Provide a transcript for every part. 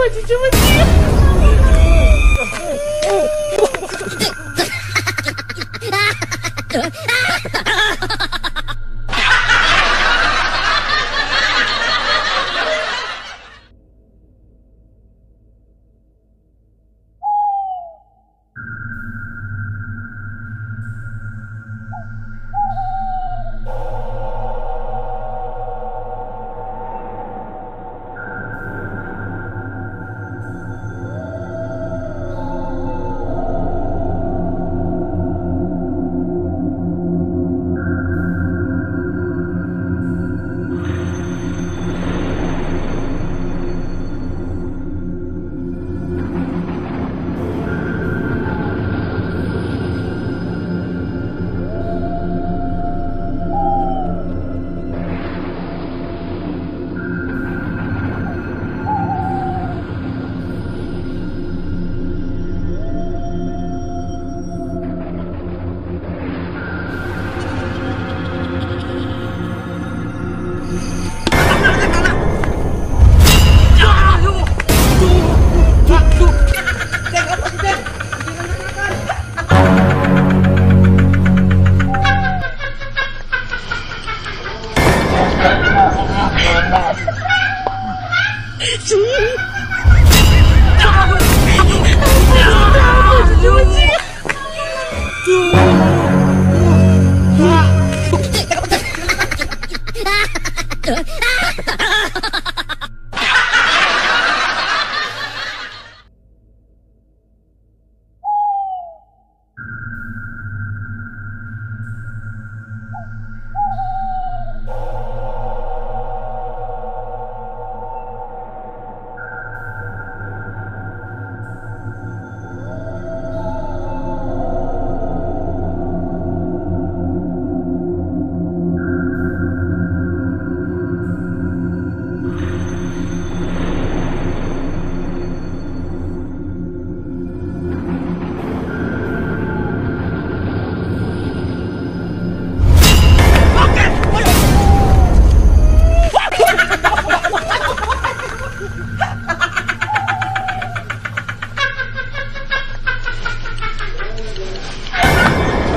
我去，这么近！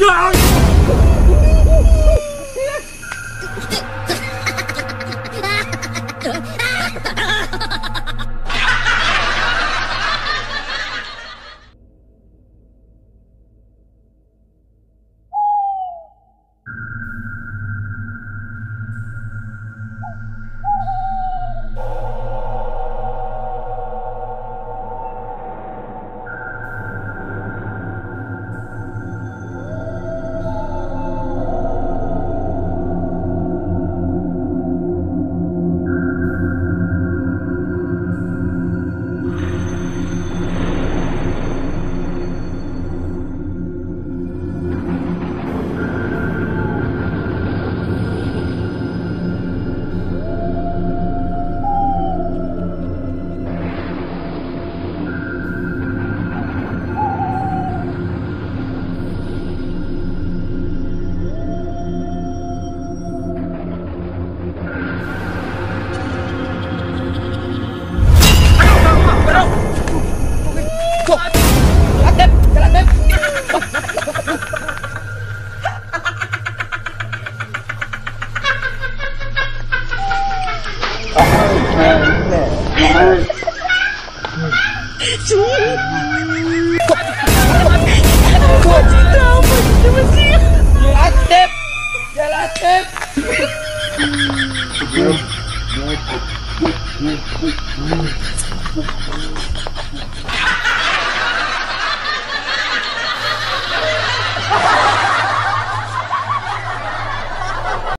No! Ha ha!